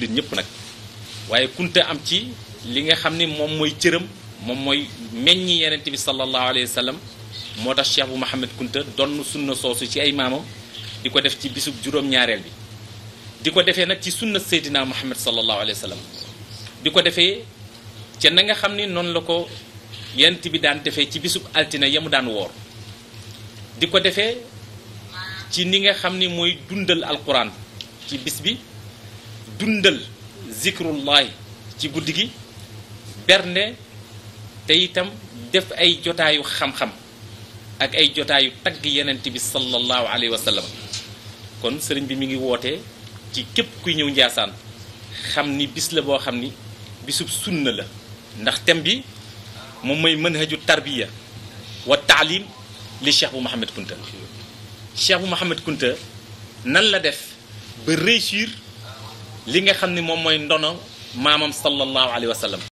jullit ñëpp nag waaye kunta am ci li nga xam ni moom mooy cëram moom mooy meññi yenent bi sallallahu alayhi wa moo tax cheikh bu Mouhamed kunta donn sunna soosu ci ay maamam di ko def ci bisub juróom bi di ko defee nag ci sunna seydina Mouhamed sallallahu alayhi wa di ko defee ca na nga xam ni noonu la ko yenent bi daan defee ci bisub altina ya mu daan woor di ko defee ci ni nga xam ni mooy dundal alquran ci bis bi dundal zikrullahi ci guddi gi bernde te itam def ay jotaayu xam-xam ak ay jotaayu tagg yenent bi sallallahu alayhi wa sallam kon sëriñ bi mu ngi woote ci képp kuy ñëw njaasaan xam ni bis la boo xam ni bisub sunna la ndax thème bi moom mooy manhaju tarbiya wa taalim li cheikh bu Mouhamed Kunta cheikh bu Mouhamed Kunta nan la def ba réussir li nga xam ni moom mooy ndono maamam sallallahu alayhi wa sallam